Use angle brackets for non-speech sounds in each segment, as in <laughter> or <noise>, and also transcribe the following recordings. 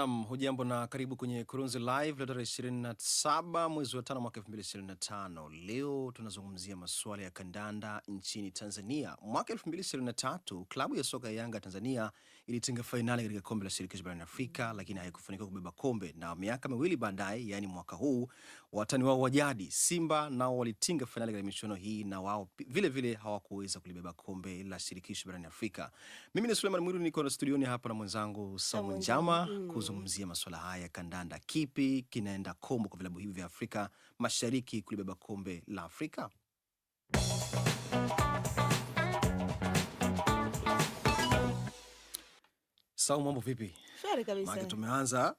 Nam, hujambo na karibu kwenye Kurunzi Live leo tarehe 27 mwezi wa tano mwaka 2025. Leo tunazungumzia masuala ya kandanda nchini Tanzania. Mwaka 2023 klabu ya soka ya Yanga Tanzania ilitinga fainali katika kombe la shirikisho barani Afrika, lakini haikufanikiwa kubeba kombe, na miaka miwili baadaye, yaani mwaka huu, watani wao wa jadi Simba nao walitinga fainali katika michuano hii, na wao vilevile hawakuweza kulibeba kombe la shirikisho barani Afrika. Mimi ni Suleiman Mwiru, niko na studioni hapa na mwenzangu Samu Njama kuzungumzia masuala haya kandanda. Kipi kinaenda kombo kwa vilabu hivi vya Afrika Mashariki kulibeba kombe la Afrika? Sau, mambo vipi? Shwari kabisa. Maana tumeanza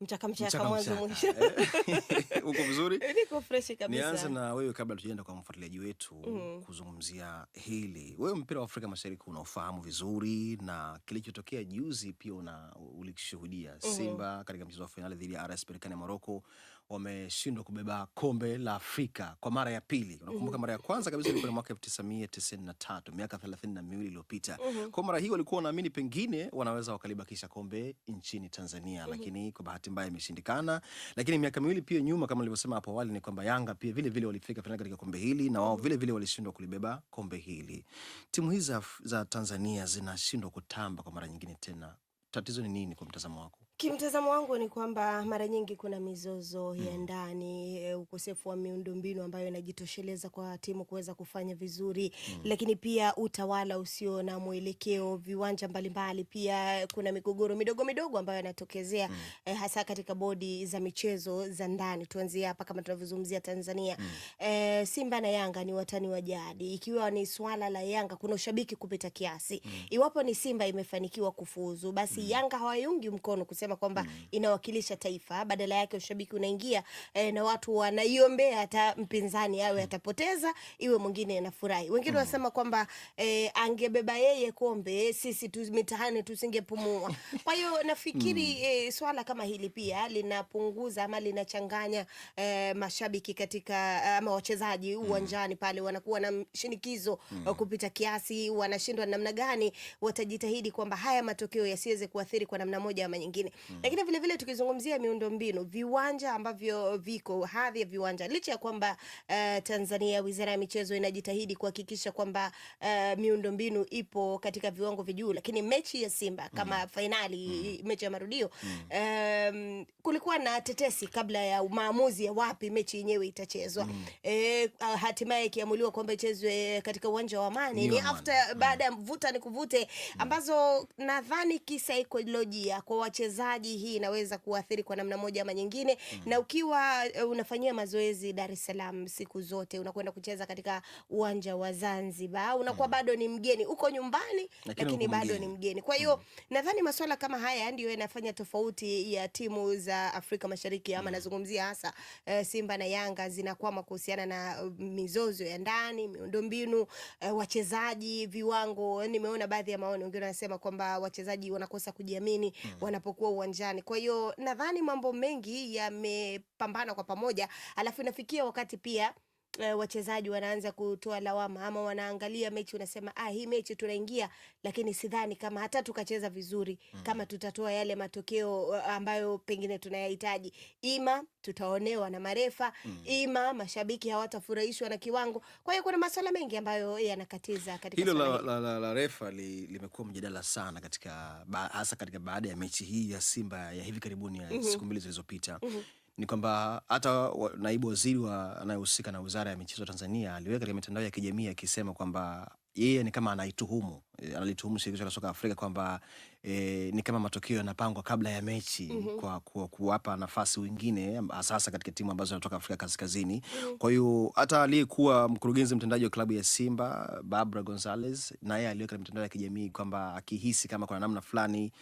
mchaka mchaka mwanzo mwisho. Eh, <laughs> uko vizuri? <laughs> Niko fresh kabisa. Nianze na wewe kabla tujaenda kwa mfuatiliaji wetu mm. kuzungumzia hili. Wewe mpira wa Afrika Mashariki unaofahamu vizuri na kilichotokea juzi pia una ulikishuhudia mhm. Simba mm -hmm. katika mchezo wa finali dhidi ya RS Berkane Morocco wameshindwa kubeba kombe la Afrika kwa mara ya pili. Unakumbuka mm-hmm. mara ya kwanza kabisa ilikuwa ni mwaka 1993 miaka thelathini na miwili iliyopita. Mm-hmm. Kwa mara hii walikuwa wanaamini pengine wanaweza wakalibakisha kombe nchini Tanzania, mm-hmm. lakini kwa bahati mbaya imeshindikana. Lakini miaka miwili pia nyuma, kama nilivyosema hapo awali, ni kwamba Yanga pia vile vile walifika finali katika kombe hili na wao vile vile walishindwa kulibeba kombe hili. Timu hizi za Tanzania zinashindwa kutamba kwa mara nyingine tena, tatizo ni nini kwa mtazamo wako? Kimtazamo wangu ni kwamba mara nyingi kuna mizozo ya mm. ndani e, ukosefu wa miundombinu ambayo inajitosheleza kwa timu kuweza kufanya vizuri mm. Lakini pia utawala usio na mwelekeo, viwanja mbalimbali, mbali, pia kuna migogoro midogo midogo ambayo inatokezea mm. E, hasa katika bodi za michezo za ndani. Tuanzie hapa kama tunavyozungumzia Tanzania mm. E, Simba na Yanga ni watani wa jadi. Ikiwa ni swala la Yanga, kuna ushabiki kupita kiasi mm. Iwapo ni Simba imefanikiwa kufuzu, basi mm. Yanga hawaiungi mkono kusema kwamba mm. inawakilisha taifa, badala yake ushabiki unaingia e, na watu wanaiombea hata mpinzani awe mm. atapoteza iwe mwingine anafurahi. Wengine mm. wanasema kwamba e, angebeba yeye kombe, eh, sisi tu mitaani tusingepumua. Kwa hiyo <laughs> mm. nafikiri mm. e, swala kama hili pia linapunguza ama linachanganya e, mashabiki katika ama wachezaji mm. uwanjani mm. pale wanakuwa na shinikizo mm. kupita kiasi, wanashindwa namna gani watajitahidi kwamba haya matokeo yasiweze kuathiri kwa namna moja ama nyingine mm. Lakini vile vile tukizungumzia miundombinu, viwanja ambavyo viko, hadhi ya viwanja, licha ya kwamba uh, Tanzania Wizara ya Michezo inajitahidi kuhakikisha kwamba uh, miundombinu ipo katika viwango vijuu, lakini mechi ya Simba kama mm. fainali mm. mechi ya marudio mm. um, kulikuwa na tetesi kabla ya maamuzi ya wapi mechi yenyewe itachezwa mm. E, hatimaye ikiamuliwa kwamba ichezwe katika uwanja wa Amani ni after mm. baada ya mvuta ni kuvute mm. ambazo nadhani kisaikolojia kwa wachezaji utunzaji, hii inaweza kuathiri kwa namna moja ama nyingine mm. na ukiwa uh, unafanyia mazoezi Dar es Salaam siku zote, unakwenda kucheza katika uwanja wa Zanzibar, unakuwa mm. bado ni mgeni, uko nyumbani lakini, lakini bado ni mgeni. Kwa hiyo mm. nadhani masuala kama haya ndio yanafanya tofauti ya timu za Afrika Mashariki ama mm. nazungumzia hasa uh, Simba na Yanga zinakwama kuhusiana na eh, mizozo ya ndani, miundombinu uh, wachezaji, viwango. Nimeona baadhi ya maoni wengine wanasema kwamba wachezaji wanakosa kujiamini mm. wanapokuwa uwanjani. Kwa hiyo nadhani mambo mengi yamepambana kwa pamoja, alafu inafikia wakati pia Eh, wachezaji wanaanza kutoa lawama ama wanaangalia mechi unasema, ah, hii mechi tunaingia, lakini sidhani kama hata tukacheza vizuri mm. kama tutatoa yale matokeo eh, ambayo pengine tunayahitaji, ima tutaonewa na marefa mm. ima mashabiki hawatafurahishwa na kiwango. Kwa hiyo kuna masuala mengi ambayo yanakatiza katika hilo la, la, la, la refa li, limekuwa mjadala sana katika hasa katika baada ya mechi hii ya Simba ya hivi karibuni ya mm -hmm. siku mbili zilizopita mm -hmm ni kwamba hata naibu waziri wa anayehusika na wizara ya michezo Tanzania aliweka katika mitandao ya kijamii akisema kwamba yeye ni kama anaituhumu eh, analituhumu shirikisho la soka Afrika kwamba e, ni kama matokeo yanapangwa kabla ya mechi mm -hmm. kwa, kwa kuwapa nafasi wengine hasa katika timu ambazo zinatoka Afrika Kaskazini mm -hmm. kwa hiyo hata aliyekuwa mkurugenzi mtendaji wa klabu ya Simba Barbara Gonzalez naye aliweka mitandao ya kijamii kwamba akihisi kama kuna namna fulani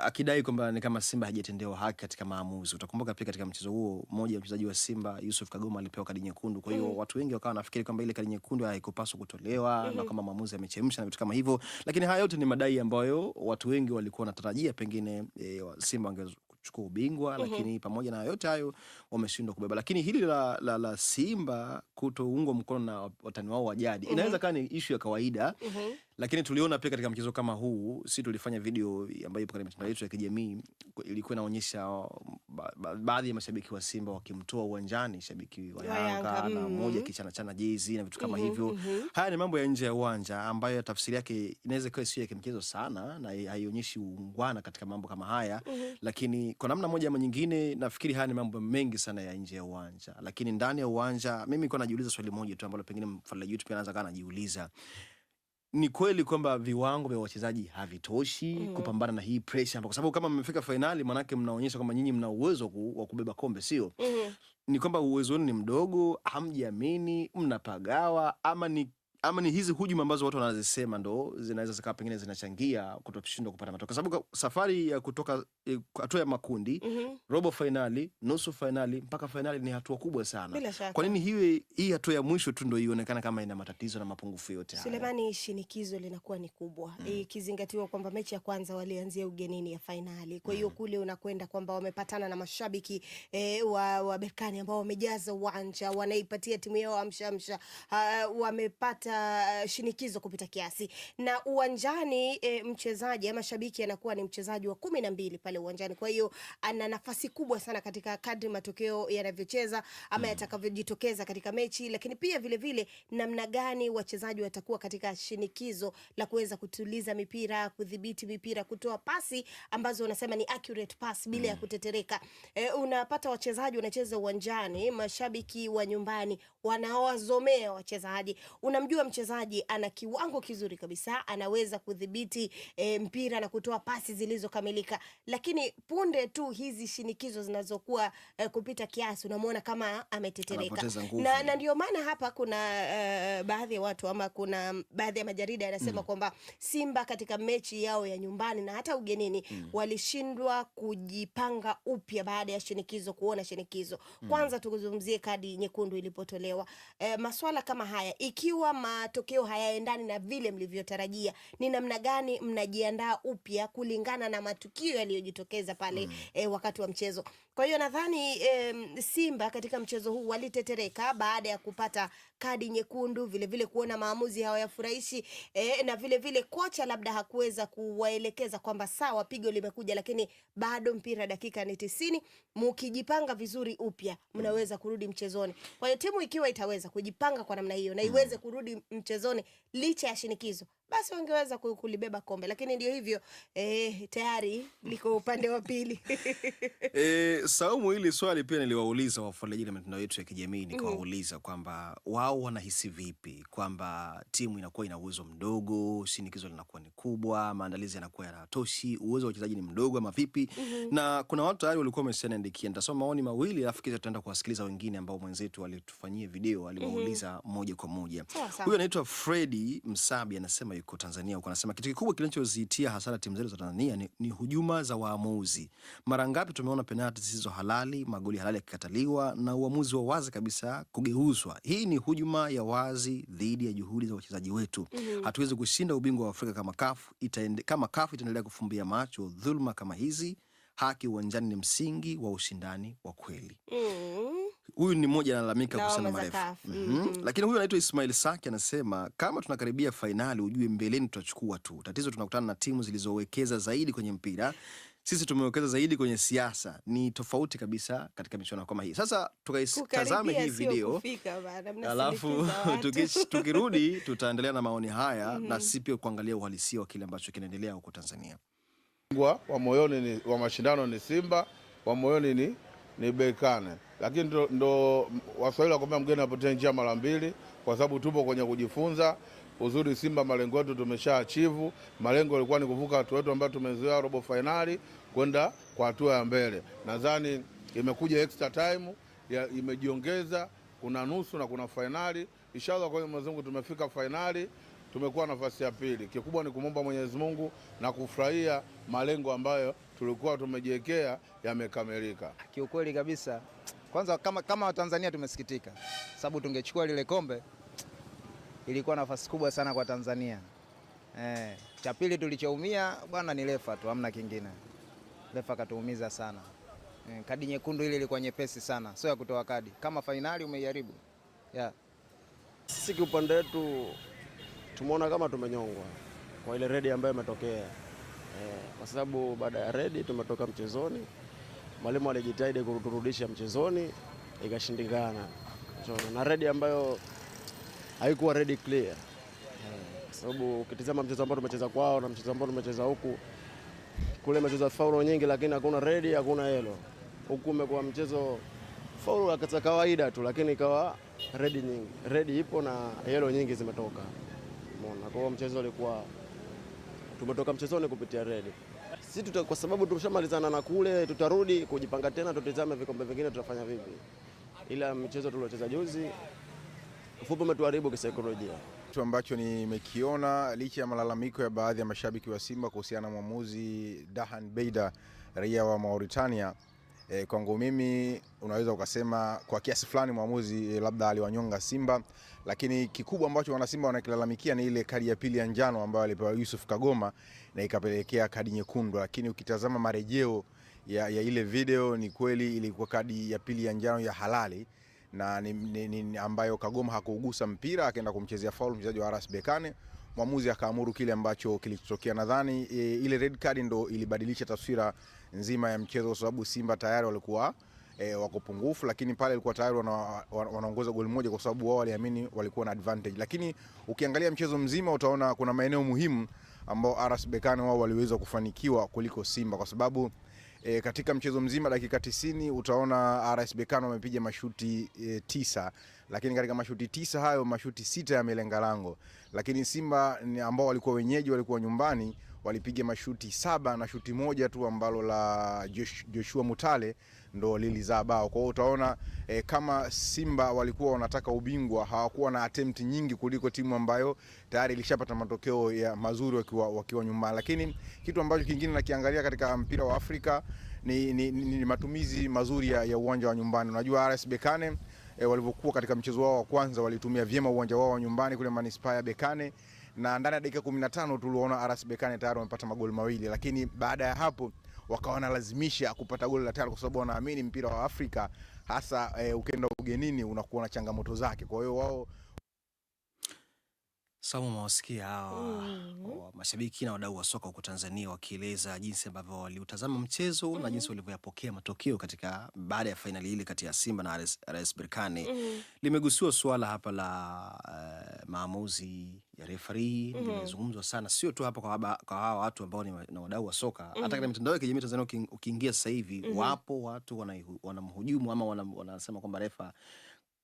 akidai kwamba ni kama Simba hajatendewa haki katika maamuzi. Utakumbuka pia katika mchezo huo mmoja mchezaji wa Simba Yusuf Kagoma alipewa kadi nyekundu, kwa hiyo mm. watu wengi wakawa wanafikiri kwamba ile kadi nyekundu haikupaswa kutolewa mm. na mm-hmm. kama maamuzi yamechemsha na vitu kama hivyo, lakini haya yote ni madai ambayo watu wengi walikuwa wanatarajia pengine e, Simba wange chukua ubingwa mm -hmm. Lakini pamoja na yote hayo wameshindwa kubeba, lakini hili la, la, la Simba kutoungwa mkono na watani wao wa jadi mm -hmm. inaweza kaa ni ishu ya kawaida mm -hmm lakini tuliona pia katika mchezo kama huu, si tulifanya video ambayo ipo katika mitandao yetu ya kijamii, ilikuwa inaonyesha um, baadhi ya mashabiki wa Simba wakimtoa uwanjani shabiki wa Yanga na mmoja mm. kichana chana jezi na vitu kama mhm, hivyo. Mhm. Haya ni mambo ya nje ya uwanja ambayo tafsiri yake inaweza kuwa sio ya kimchezo sana na haionyeshi uungwana katika mambo kama haya, mhm. lakini kwa namna moja ama nyingine, nafikiri haya ni mambo mengi sana ya nje ya uwanja, lakini ndani ya uwanja mimi niko najiuliza swali moja tu ambalo pengine mfuatiliaji wetu pia anaanza kana najiuliza, ni kweli kwamba viwango vya wachezaji havitoshi mm. kupambana na hii pressure hapa, kwa sababu kama mmefika fainali, maanake mnaonyesha kwamba nyinyi mna uwezo wa kubeba kombe, sio mm -hmm. ni kwamba uwezo wenu ni mdogo, hamjiamini, mnapagawa ama ni ama ni hizi hujuma ambazo watu wanazisema ndo zinaweza zikawa pengine zinachangia kutoshindwa kupata matokeo, kwa sababu safari ya kutoka e, hatua ya makundi mm -hmm. robo fainali, nusu fainali mpaka fainali ni hatua kubwa sana. Kwa nini hiwe hii hatua ya mwisho tu ndo ionekana kama ina matatizo na mapungufu yote haya? Sulemani, shinikizo linakuwa ni kubwa ikizingatiwa mm. ikizingatiwa kwamba mechi ya kwanza walianzia ugenini ya fainali, kwa hiyo mm. kule unakwenda kwamba wamepatana na mashabiki e, wa, wa Berkane ambao wamejaza uwanja wanaipatia timu yao amshamsha, wamepata kupita shinikizo kupita kiasi, na uwanjani e, mchezaji ama shabiki anakuwa ni mchezaji wa kumi na mbili pale uwanjani, kwa hiyo ana nafasi kubwa sana katika kadri matokeo yanavyocheza ama mm. yatakavyojitokeza katika mechi, lakini pia vile vile namna gani wachezaji watakuwa katika shinikizo la kuweza kutuliza mipira, kudhibiti mipira, kutoa pasi ambazo unasema ni accurate pass bila ya mm. kutetereka. E, unapata wachezaji wanacheza uwanjani, mashabiki wa nyumbani wanawazomea wachezaji, unamjua mchezaji ana kiwango kizuri kabisa, anaweza kudhibiti e, mpira na kutoa pasi zilizokamilika, lakini punde tu hizi shinikizo zinazokuwa e, kupita kiasi, unamwona kama ametetereka, na, na ndio maana hapa kuna e, baadhi ya watu ama kuna baadhi ya majarida yanasema mm, kwamba Simba katika mechi yao ya nyumbani na hata ugenini mm, walishindwa kujipanga upya baada ya shinikizo, kuona shinikizo. Mm. Kwanza tuzungumzie kadi nyekundu ilipotolewa, e, maswala kama haya ikiwa ma matokeo hayaendani na vile mlivyotarajia, ni namna gani mnajiandaa upya kulingana na matukio yaliyojitokeza pale mm. e, wakati wa mchezo kwa hiyo nadhani e, Simba katika mchezo huu walitetereka baada ya kupata kadi nyekundu, vile vile kuona maamuzi hawayafurahishi e, na vile vile kocha labda hakuweza kuwaelekeza kwamba sawa, pigo limekuja, lakini bado mpira dakika ni tisini, mukijipanga vizuri upya mnaweza kurudi mchezoni. Kwa hiyo timu ikiwa itaweza kujipanga kwa namna hiyo na iweze mm. kurudi mchezoni licha ya shinikizo, basi wangeweza kulibeba kombe, lakini ndio hivyo eh, tayari liko upande wa pili. <laughs> Eh, Saumu, hili swali pia niliwauliza wafuatiliaji na mitandao yetu ya kijamii mhm. nikawauliza mm. kwamba wao wanahisi vipi kwamba timu inakuwa ina uwezo mdogo, shinikizo linakuwa ni kubwa, maandalizi yanakuwa yanatoshi, uwezo wa wachezaji ni mdogo ama vipi? mm -hmm. na kuna watu tayari walikuwa wameshaandikia, nitasoma maoni mawili alafu kisha tutaenda kuwasikiliza wengine ambao mwenzetu walitufanyia video aliwauliza mm -hmm. moja kwa moja. Huyu anaitwa Fredi Msabi anasema kama yuko Tanzania huko, anasema kitu kikubwa kinachozitia hasara timu zetu za Tanzania ni, ni hujuma za waamuzi. Mara ngapi tumeona penalti zisizo halali, magoli halali yakikataliwa na uamuzi wa wazi kabisa kugeuzwa. Hii ni hujuma ya wazi dhidi ya juhudi za wachezaji wetu. mm -hmm. Hatuwezi kushinda ubingwa wa Afrika kama kafu itaende, kama kafu itaendelea kufumbia macho dhuluma kama hizi haki uwanjani ni msingi wa ushindani wa kweli. Mm. Huyu mm. ni mmoja analalamika kuhusiana na marefu mm -hmm. mm -hmm. Lakini huyu anaitwa Ismail Saki anasema, kama tunakaribia fainali, ujue mbeleni tutachukua tu. Tatizo tunakutana na timu zilizowekeza zaidi kwenye mpira sisi tumewekeza zaidi kwenye siasa. Ni tofauti kabisa katika michuano kama hii. Sasa tukaitazame hii video alafu <laughs> tukirudi <laughs> tutaendelea na maoni haya mm -hmm. na mhm. si pia kuangalia uhalisia wa kile ambacho kinaendelea huko Tanzania. Bingwa wa moyoni ni, wa mashindano ni Simba, wa moyoni ni, ni Berkane, lakini ndo, ndo Waswahili wakwambia mgeni apotee njia mara mbili, kwa sababu tupo kwenye kujifunza. Uzuri Simba malengo yetu tumesha achivu. Malengo yalikuwa ni kuvuka hatua yetu ambayo tumezoea robo fainali kwenda kwa hatua ya mbele. Nadhani imekuja extra time ya, imejiongeza kuna nusu na kuna fainali. Inshallah kwa Mwenyezi Mungu tumefika fainali tumekuwa nafasi ya pili. Kikubwa ni kumwomba Mwenyezi Mungu na kufurahia malengo ambayo tulikuwa tumejiwekea yamekamilika. Kiukweli kabisa, kwanza kama, kama Watanzania tumesikitika, sababu tungechukua lile kombe ilikuwa nafasi kubwa sana kwa Tanzania. Eh, cha pili tulichoumia bwana ni refa tu, hamna kingine. Refa katuumiza sana. Eh, kadi nyekundu ile ilikuwa nyepesi sana, sio ya kutoa kadi. Kama fainali umeiharibu. Yeah. Sisi upande wetu tumeona kama tumenyongwa kwa ile redi ambayo imetokea e, kwa sababu baada ya redi tumetoka mchezoni, mwalimu alijitahidi kuturudisha mchezoni ikashindikana, na redi ambayo haikuwa redi clear eh, kwa sababu ukitizama mchezo ambao tumecheza kwao na mchezo ambao tumecheza huku, kule imecheza faulo nyingi, lakini hakuna redi, hakuna yelo. Huku umekuwa mchezo faulo za kawaida tu, lakini ikawa redi nyingi, redi ipo na yelo nyingi zimetoka. Umeona, kwa mchezo ulikuwa tumetoka mchezoni kupitia redi. tuta, kwa sababu tumeshamalizana na kule, tutarudi kujipanga tena, tutizame vikombe vingine tutafanya vipi, ila mchezo tuliocheza juzi fupi umetuharibu kisaikolojia kitu ambacho nimekiona licha ya malalamiko ya baadhi ya mashabiki wa Simba kuhusiana na mwamuzi Dahan Beida raia wa Mauritania. E, kwangu mimi unaweza ukasema kwa kiasi fulani mwamuzi e, labda aliwanyonga Simba, lakini kikubwa ambacho wana Simba wanakilalamikia ni ile kadi ya pili ya njano ambayo alipewa Yusuf Kagoma na ikapelekea kadi nyekundu, lakini ukitazama marejeo ya, ya ile video ni kweli ilikuwa kadi ya pili ya njano ya halali na ni, ni, ni ambayo Kagoma hakuugusa mpira, akaenda kumchezea faulu mchezaji wa RS Berkane. Mwamuzi akaamuru kile ambacho kilichotokea. Nadhani e, ile red card ndo ilibadilisha taswira nzima ya mchezo, kwa sababu Simba tayari walikuwa e, wako pungufu, lakini pale ilikuwa tayari wanaongoza goli moja, kwa sababu wao waliamini walikuwa na advantage. Lakini ukiangalia mchezo mzima utaona kuna maeneo muhimu ambao RS Berkane wao waliweza kufanikiwa kuliko Simba kwa sababu E, katika mchezo mzima dakika 90 utaona RS Berkane wamepiga mashuti e, tisa, lakini katika mashuti tisa hayo mashuti sita yamelenga lango, lakini Simba ambao walikuwa wenyeji walikuwa nyumbani walipiga mashuti saba na shuti moja tu ambalo la Joshua Mutale ndo lilizaa bao. Kwa hiyo utaona e, kama Simba walikuwa wanataka ubingwa hawakuwa na attempt nyingi kuliko timu ambayo tayari ilishapata matokeo ya mazuri wakiwa, wakiwa nyumbani. Lakini kitu ambacho kingine nakiangalia katika mpira wa Afrika ni, ni, ni, ni matumizi mazuri ya, ya uwanja wa nyumbani. Unajua RS Berkane e, walivyokuwa katika mchezo wao wa kwanza walitumia vyema uwanja wao wa nyumbani kule manispaa ya Berkane na ndani ya dakika 15 tuliona RS Berkane tayari wamepata magoli mawili, lakini baada ya hapo wakawa wanalazimisha kupata goli la tano kwa sababu wanaamini mpira wa Afrika hasa e, eh, ukenda ugenini unakuwa na changamoto zake. Kwa hiyo wao Sawa, umewasikia hawa mm. mashabiki na wadau wa soka huko Tanzania wakieleza jinsi ambavyo waliutazama mchezo mm. na mm-hmm. jinsi walivyoyapokea matokeo katika baada ya fainali hili kati ya Simba na RS Berkane mm. Mm-hmm. limegusiwa suala hapa la uh, maamuzi ya refari mm. limezungumzwa sana, sio tu hapa kwa hawa watu ambao ni na wadau wa soka mm. hata katika mitandao ya kijamii Tanzania ukiingia sasa hivi mm. wapo watu wanamhujumu ama wanasema kwamba refa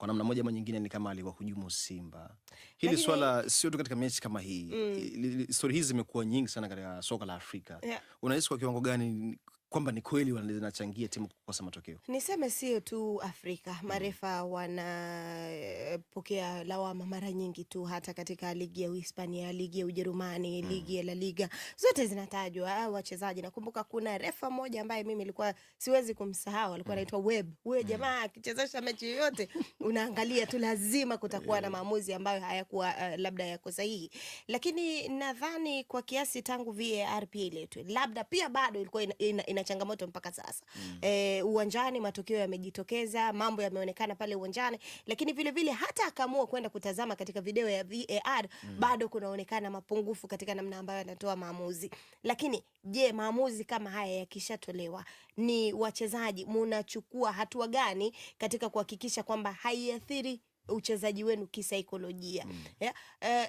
kwa namna moja ama nyingine ni kama aliwahujumu Simba. Hili swala sio tu katika mechi kama hii mm. Stori hizi zimekuwa nyingi sana katika soka la Afrika yeah. Unahisi kwa kiwango gani kwamba ni kweli wanachangia timu kukosa matokeo? Niseme sio tu Afrika, marefa mm. wanapokea lawama mara nyingi tu, hata katika ligi ya Uhispania, ligi ya Ujerumani mm. ligi ya La Liga zote zinatajwa ah, wachezaji. Nakumbuka kuna refa mmoja ambaye mimi nilikuwa siwezi kumsahau, alikuwa hmm. anaitwa mm. Web. Huyo hmm. jamaa akichezesha mechi yoyote <laughs> unaangalia tu, lazima kutakuwa na eh. maamuzi ambayo hayakuwa uh, labda yako sahihi, lakini nadhani kwa kiasi tangu VAR pia iletwe, labda pia bado ilikuwa ina, ina, ina na changamoto mpaka sasa mm. E, uwanjani matukio yamejitokeza, mambo yameonekana pale uwanjani, lakini vile vile hata akaamua kwenda kutazama katika video ya VAR mm. bado kunaonekana mapungufu katika namna ambayo anatoa maamuzi. Lakini je, maamuzi kama haya yakishatolewa, ni wachezaji munachukua hatua gani katika kuhakikisha kwamba haiathiri uchezaji wenu kisaikolojia mm. yeah.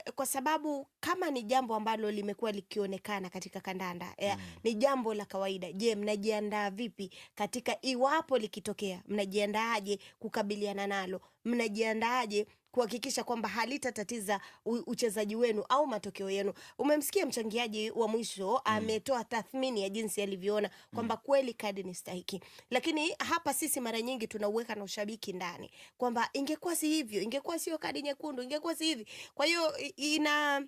uh, kwa sababu kama ni jambo ambalo limekuwa likionekana katika kandanda yeah. mm. ni jambo la kawaida. Je, mnajiandaa vipi katika iwapo likitokea? Mnajiandaaje kukabiliana nalo? Mnajiandaaje kuhakikisha kwamba halitatatiza uchezaji wenu au matokeo yenu. Umemsikia mchangiaji wa mwisho mm. ametoa tathmini ya jinsi alivyoona kwamba mm. kweli kadi ni stahiki, lakini hapa sisi mara nyingi tunauweka na ushabiki ndani kwamba ingekuwa si hivyo, ingekuwa sio kadi nyekundu, ingekuwa si hivi. Kwa hiyo ina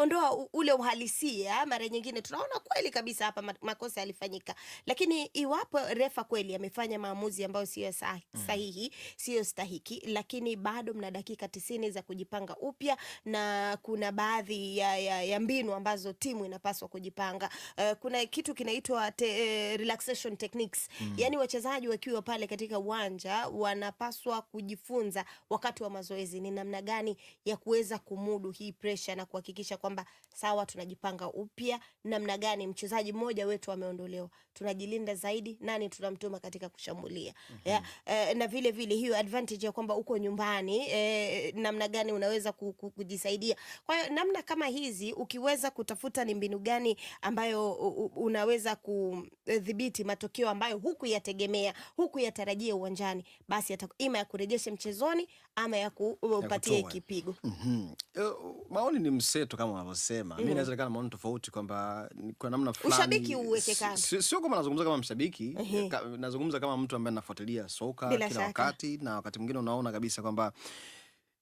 ondoa ule uhalisia, mara nyingine tunaona kweli kabisa hapa makosa yalifanyika, lakini iwapo refa kweli amefanya maamuzi ambayo siyo mm. sahihi, siyo stahiki, lakini bado mna dakika tisini za kujipanga upya, na kuna baadhi ya, ya, ya mbinu ambazo timu inapaswa kujipanga. Uh, kuna kitu kinaitwa te, uh, relaxation techniques mm. Yani wachezaji wakiwa pale katika uwanja wanapaswa kujifunza wakati wa mazoezi ni namna gani ya kuweza kumudu hii pressure na kuhakikisha kwa kwamba sawa, tunajipanga upya namna gani, mchezaji mmoja wetu ameondolewa, tunajilinda zaidi, nani tunamtuma katika kushambulia mm -hmm. yeah. eh, na vile vile hiyo advantage ya kwamba uko nyumbani eh, namna gani unaweza kujisaidia. Kwa hiyo namna kama hizi ukiweza kutafuta ni mbinu gani ambayo unaweza kudhibiti eh, matokeo ambayo hukuyategemea hukuyatarajia uwanjani, basi ima ya kurejesha mchezoni ama ya kupatia kipigo. mm -hmm. Maoni ni mseto kama kama unavyosema mm. mi naweza nikawa na maoni tofauti kwamba kwa namna fulani ushabiki uweke kando, sio kwamba nazungumza kama mshabiki ka, nazungumza kama mtu ambaye nafuatilia soka Bila kila shaka. wakati na wakati mwingine unaona kabisa kwamba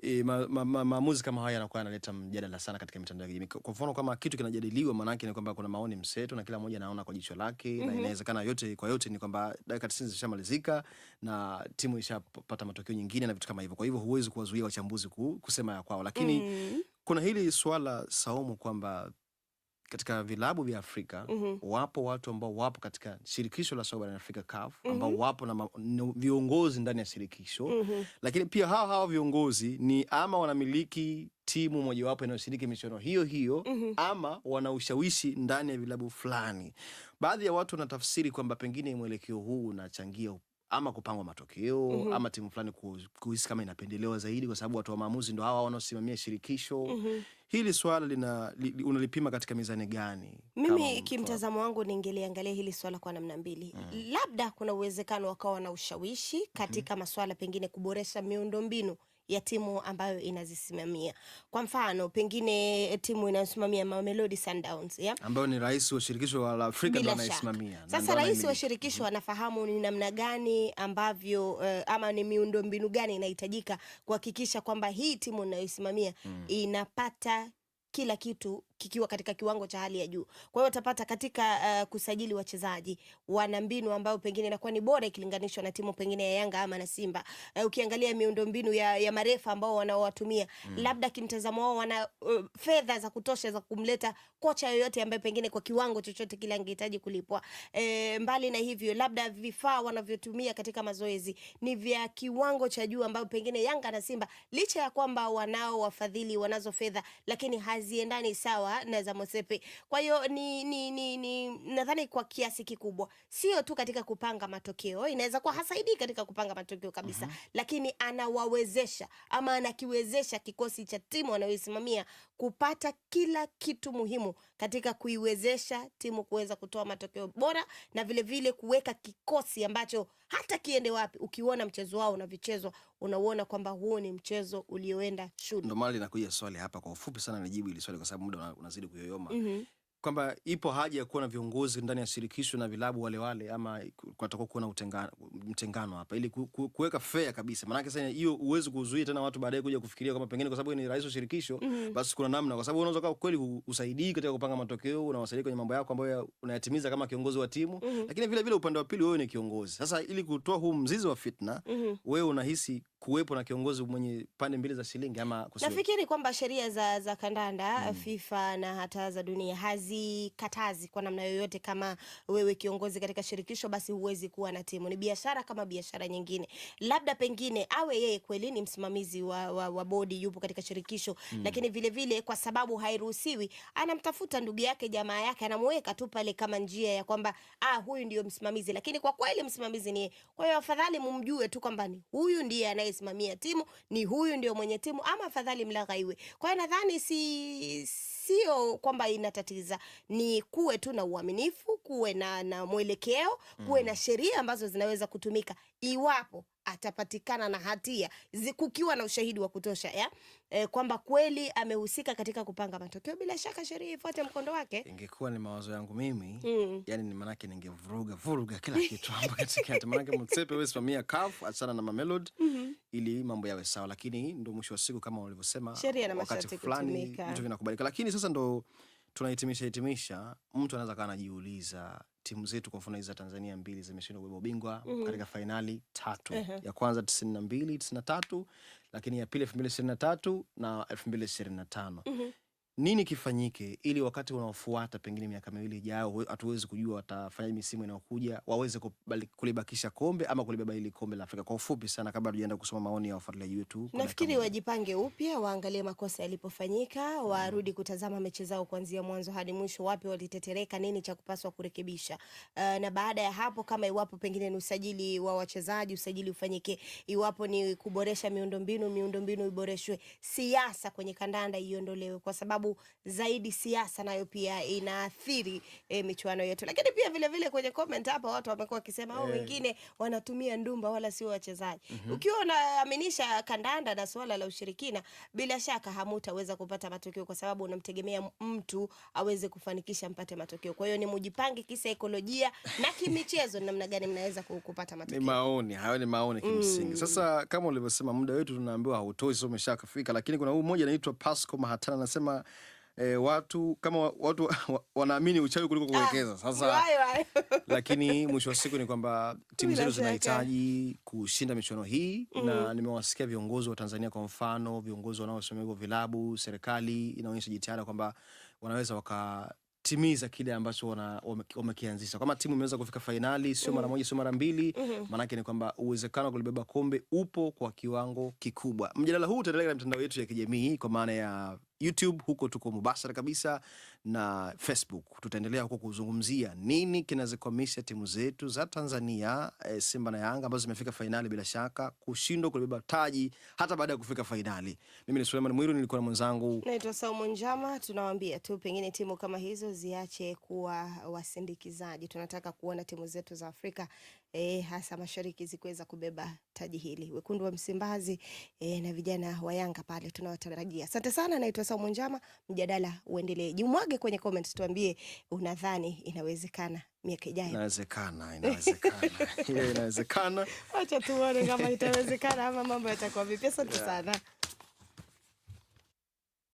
E, maamuzi ma, ma, ma, kama haya yanakuwa yanaleta mjadala sana katika mitandao ya kijamii. Kwa mfano kama kitu kinajadiliwa, maanake ni kwamba kuna maoni mseto na kila mmoja anaona kwa jicho lake mm -hmm. Na mhm. inawezekana yote kwa yote ni kwamba dakika tisini zishamalizika na timu ishapata matokeo nyingine na vitu kama hivyo, kwa hivyo huwezi kuwazuia wachambuzi kusema ya kwao, lakini mm -hmm kuna hili swala Saumu kwamba katika vilabu vya Afrika mm -hmm. wapo watu ambao wapo katika shirikisho la soka barani Afrika CAF mm-hmm. ambao mm -hmm. wapo na viongozi ndani ya shirikisho mm -hmm. lakini pia hao hao viongozi ni ama wanamiliki timu mojawapo inayoshiriki michuano hiyo hiyo mm -hmm. ama wana ushawishi ndani ya vilabu fulani. Baadhi ya watu wanatafsiri kwamba pengine mwelekeo huu unachangia ama kupangwa matokeo mm -hmm. ama timu fulani kuhisi kama inapendelewa zaidi, kwa sababu watu wa maamuzi ndo hawa wanaosimamia shirikisho mm -hmm. Hili swala lina li, unalipima katika mizani gani? Mimi kimtazamo wangu ningeliangalia hili swala kwa namna mbili mm -hmm. Labda kuna uwezekano wakawa na ushawishi mhm. katika mm -hmm. maswala pengine kuboresha miundombinu ya timu ambayo inazisimamia. Kwa mfano, pengine eh, timu inayosimamia Mamelodi Sundowns, yeah? ambayo ni rais wa shirikisho la Afrika ndo anaisimamia. Sasa rais wa shirikisho mhm. anafahamu ni namna gani ambavyo uh, ama ni miundombinu gani inahitajika kuhakikisha kwamba hii timu inayoisimamia mm. inapata kila kitu kikiwa katika kiwango cha hali ya juu. Kwa hiyo utapata katika uh, kusajili wachezaji wana mbinu ambayo pengine inakuwa ni bora ikilinganishwa na timu pengine ya Yanga ama na Simba. Uh, ukiangalia miundo mbinu ya, ya marefa ambao wanaowatumia mm. labda kimtazamo wao wana uh, fedha za kutosha za kumleta kocha yoyote ambaye pengine kwa kiwango chochote kile angehitaji kulipwa. E, mbali na hivyo, labda vifaa wanavyotumia katika mazoezi ni vya kiwango cha juu ambayo pengine Yanga na Simba licha ya kwamba wanao wafadhili, wanazo fedha lakini haziendani sawa sawa na za Mosepe. Kwa hiyo ni, ni, ni, ni nadhani kwa kiasi kikubwa sio tu katika kupanga matokeo, inaweza kuwa hasaidii katika kupanga matokeo kabisa mm -hmm. Lakini anawawezesha ama anakiwezesha kikosi cha timu anayoisimamia kupata kila kitu muhimu katika kuiwezesha timu kuweza kutoa matokeo bora na vilevile kuweka kikosi ambacho hata kiende wapi, ukiona mchezo wao unavichezwa unauona kwamba huu ni mchezo ulioenda shule. Ndio maana linakuja swali hapa, kwa ufupi sana nijibu ili swali kwa sababu muda unazidi kuyoyoma mm -hmm. kwamba ipo haja ya kuwa na viongozi ndani ya shirikisho na vilabu walewale wale, ama kwatakuwa kuwa na mtengano hapa ili kuweka fair kabisa. Maanake sasa hiyo huwezi kuzuia tena watu baadaye kuja kufikiria kwamba pengine kwa sababu ni rais wa shirikisho mm -hmm. basi kuna namna, kwa sababu unaweza kuwa kweli usaidii katika kupanga matokeo, unawasaidia kwenye mambo yako ambayo unayatimiza kama kiongozi wa timu mm -hmm. lakini vile vile upande wa pili wewe ni kiongozi. Sasa ili kutoa huu mzizi wa fitna mm -hmm. wewe unahisi kuwepo na kiongozi mwenye pande mbili za shilingi ama kusiwe? Nafikiri kwamba sheria za, za kandanda mm -hmm. FIFA na hata za dunia hazi hazikatazi kwa namna yoyote. Kama wewe kiongozi katika shirikisho, basi huwezi kuwa na timu. Ni biashara kama biashara nyingine. Labda pengine awe yeye kweli ni msimamizi wa, wa, wa bodi, yupo katika shirikisho mm. Lakini vile vile kwa sababu hairuhusiwi, anamtafuta ndugu yake, jamaa yake, anamweka tu pale kama njia ya kwamba ah, huyu ndio msimamizi, lakini kwa kweli msimamizi ni kwa hiyo, afadhali mumjue tu kwamba ni huyu ndiye anayesimamia timu, ni huyu ndio mwenye timu, ama afadhali mlaghaiwe. Kwa hiyo nadhani si, si sio kwamba inatatiza, ni kuwe tu na uaminifu, kuwe na, na mwelekeo, kuwe mm. na sheria ambazo zinaweza kutumika iwapo atapatikana na hatia kukiwa na ushahidi wa kutosha ya e, kwamba kweli amehusika katika kupanga matokeo, bila shaka sheria ifuate mkondo wake. Ingekuwa ni mawazo yangu mimi mm. Yani ni maanake ningevuruga vuruga kila kitu hapo katikati, maanake Motsepe wewe simamia CAF, achana na Mamelodi mm -hmm. ili mambo yawe sawa, lakini ndo mwisho wa siku kama walivyosema, sheria na masharti fulani vitu vinakubalika, lakini sasa ndo tunahitimisha hitimisha, mtu anaweza kawa anajiuliza timu zetu kwa mfano hizi za Tanzania mbili zimeshinda kubeba ubingwa mm -hmm. katika fainali tatu uh -huh. ya kwanza tisini na mbili tisini na tatu lakini ya pili elfu mbili ishirini na tatu na elfu mbili ishirini na tano mm -hmm nini kifanyike ili wakati unaofuata pengine miaka miwili ijayo, hatuwezi kujua watafanya misimu inayokuja, waweze kulibakisha kombe ama kulibeba hili kombe la Afrika? Kwa ufupi sana, kabla tujaenda kusoma maoni ya wafuatiliaji wetu, nafikiri wajipange upya, waangalie makosa yalipofanyika, warudi kutazama mechi zao kuanzia mwanzo hadi mwisho, wapi walitetereka, nini cha kupaswa kurekebisha. Uh, na baada ya hapo, kama iwapo pengine ni usajili wa wachezaji, usajili ufanyike. Iwapo ni kuboresha miundombinu, miundombinu iboreshwe. Siasa kwenye kandanda iondolewe, kwa sababu sababu zaidi siasa nayo pia inaathiri e, michuano yetu. Lakini pia vile vile kwenye comment hapa watu wamekuwa wakisema hao yeah. Eh. wengine wanatumia ndumba wala sio wachezaji. mm -hmm. Ukiwa unaaminisha kandanda na suala la ushirikina, bila shaka hamutaweza kupata matokeo, kwa sababu unamtegemea mtu aweze kufanikisha mpate matokeo. Kwa hiyo ni mujipange kisaikolojia na kimichezo, namna gani mnaweza kupata matokeo. Ni maoni hayo, ni maoni kimsingi. mm. Sasa kama ulivyosema, muda wetu tunaambiwa hautoi, sio umeshakafika, lakini kuna huyu mmoja anaitwa Pasco Mahatana anasema eh, watu kama watu wanaamini uchawi kuliko kuwekeza ah, sasa. <laughs> Lakini mwisho wa siku ni kwamba timu zetu zinahitaji kushinda michuano hii mm. na nimewasikia viongozi wa Tanzania kwa mfano, viongozi wanaosimamia hivyo vilabu, serikali inaonyesha jitihada kwamba wanaweza waka timiza kile ambacho wamekianzisha. Kama timu imeweza kufika fainali sio mara mm. moja, sio mara mbili, mm-hmm. maanake ni kwamba uwezekano wa kulibeba kombe upo kwa kiwango kikubwa. Mjadala huu utaendelea katika mitandao yetu ya kijamii kwa maana ya YouTube, huko tuko mubashara kabisa na Facebook. Tutaendelea huko kuzungumzia nini kinazikwamisha timu zetu za Tanzania e, Simba na Yanga ambazo zimefika fainali bila shaka kushindwa kulibeba taji hata baada ya kufika fainali. Mimi ni Suleiman Mwiru, nilikuwa na mwenzangu naitwa Saumu Njama. Tunawaambia tu pengine timu kama hizo ziache kuwa wasindikizaji. Tunataka kuona timu zetu za Afrika e, hasa mashariki zikuweza kubeba taji hili. Wekundu wa Msimbazi e, na vijana wa Yanga pale tunawatarajia. Asante sana, naitwa Saumu Njama, mjadala uendelee. Jumwage wewe kwenye comments tuambie unadhani inawezekana miaka ijayo. Inawezekana, inawezekana. <laughs> inawezekana. Acha tuone kama itawezekana ama mambo yatakuwa vipi. Asante sana.